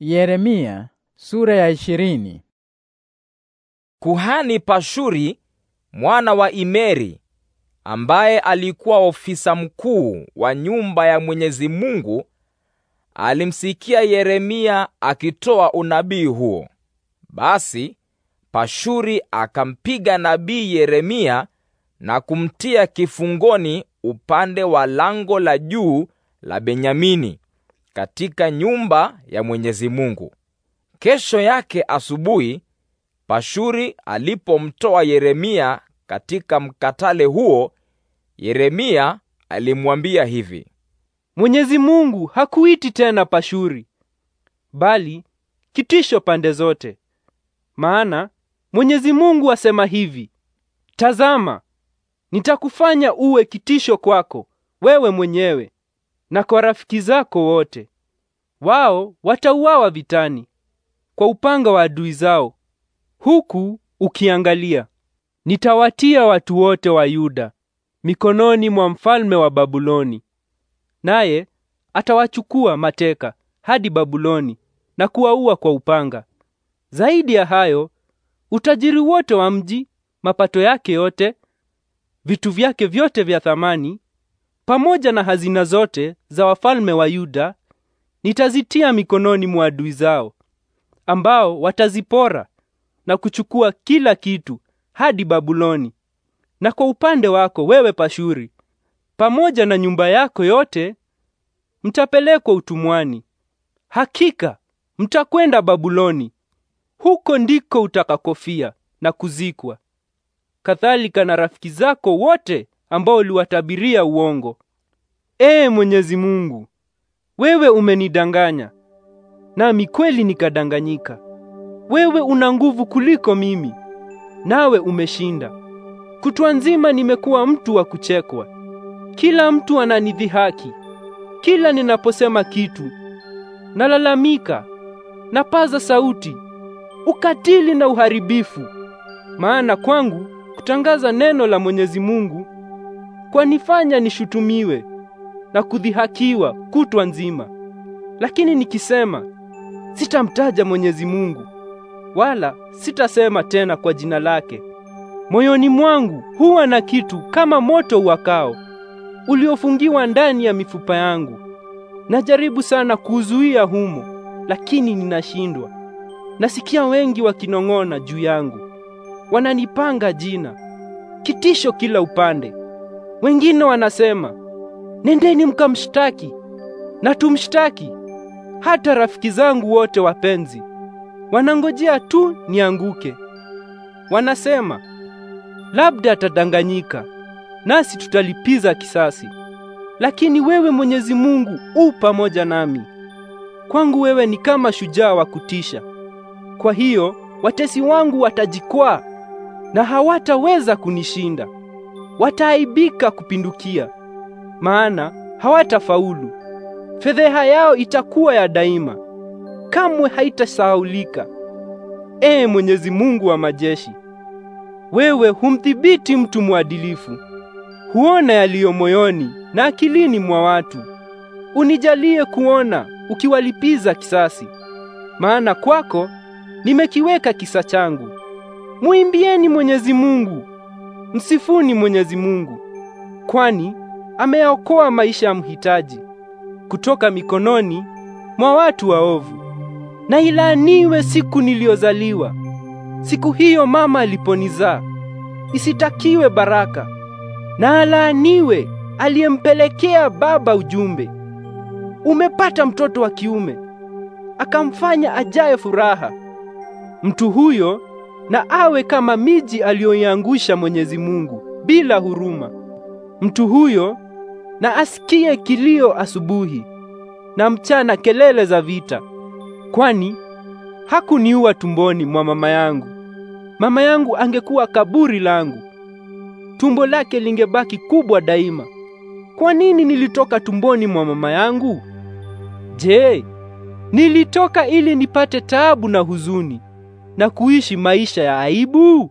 Yeremia sura ya ishirini. Kuhani Pashuri mwana wa Imeri ambaye alikuwa ofisa mkuu wa nyumba ya Mwenyezi Mungu alimsikia Yeremia akitoa unabii huo. Basi Pashuri akampiga nabii Yeremia na kumtia kifungoni upande wa lango la juu la Benyamini katika nyumba ya Mwenyezi Mungu. Kesho yake asubuhi, Pashuri alipomtoa Yeremia katika mkatale huo, Yeremia alimwambia hivi: Mwenyezi Mungu hakuiti tena Pashuri, bali kitisho pande zote. Maana Mwenyezi Mungu asema hivi: Tazama, nitakufanya uwe kitisho kwako wewe mwenyewe na kwa rafiki zako wote. Wao watauawa vitani kwa upanga wa adui zao, huku ukiangalia. Nitawatia watu wote wa Yuda mikononi mwa mfalme wa Babuloni, naye atawachukua mateka hadi Babuloni na kuwaua kwa upanga. Zaidi ya hayo, utajiri wote wa mji, mapato yake yote, vitu vyake vyote vya thamani pamoja na hazina zote za wafalme wa Yuda nitazitia mikononi mwa adui zao, ambao watazipora na kuchukua kila kitu hadi Babuloni. Na kwa upande wako wewe Pashuri, pamoja na nyumba yako yote mtapelekwa utumwani. Hakika mtakwenda Babuloni, huko ndiko utakakofia na kuzikwa, kadhalika na rafiki zako wote ambao uliwatabiria uongo. Ee Mwenyezi Mungu, wewe umenidanganya nami kweli nikadanganyika. Wewe una nguvu kuliko mimi, nawe umeshinda. Kutwa nzima nimekuwa mtu wa kuchekwa, kila mtu ananidhihaki. Kila ninaposema kitu nalalamika, napaza sauti ukatili na uharibifu. Maana kwangu kutangaza neno la Mwenyezi Mungu kwanifanya nishutumiwe na kudhihakiwa kutwa nzima. Lakini nikisema sitamtaja Mwenyezi Mungu wala sitasema tena kwa jina lake, moyoni mwangu huwa na kitu kama moto uwakao uliofungiwa ndani ya mifupa yangu. Najaribu sana kuzuia humo, lakini ninashindwa. Nasikia wengi wakinong'ona juu yangu, wananipanga jina, kitisho kila upande. Wengine wanasema, nendeni mkamshtaki na tumshtaki. Hata rafiki zangu wote wapenzi wanangojea tu nianguke. Wanasema labda atadanganyika, nasi tutalipiza kisasi. Lakini wewe Mwenyezi Mungu u pamoja nami. Kwangu wewe ni kama shujaa wa kutisha. Kwa hiyo watesi wangu watajikwaa na hawataweza kunishinda wataaibika kupindukia, maana hawatafaulu. Fedheha yao itakuwa ya daima, kamwe haitasahaulika. Ee Mwenyezi Mungu wa majeshi, wewe humdhibiti mtu mwadilifu, huona yaliyo moyoni na akilini mwa watu. Unijalie kuona ukiwalipiza kisasi, maana kwako nimekiweka kisa changu. Muimbieni Mwenyezi Mungu. Msifuni Mwenyezi Mungu, kwani ameyaokoa maisha ya mhitaji kutoka mikononi mwa watu waovu. Na ilaaniwe siku niliyozaliwa, siku hiyo mama aliponizaa. Isitakiwe baraka, na alaaniwe aliyempelekea baba ujumbe, umepata mtoto wa kiume, akamfanya ajaye furaha. Mtu huyo na awe kama miji aliyoiangusha Mwenyezi Mungu bila huruma. Mtu huyo na asikie kilio asubuhi na mchana kelele za vita, kwani hakuniua tumboni mwa mama yangu. Mama yangu angekuwa kaburi langu, tumbo lake lingebaki kubwa daima. Kwa nini nilitoka tumboni mwa mama yangu? Je, nilitoka ili nipate taabu na huzuni na kuishi maisha ya aibu?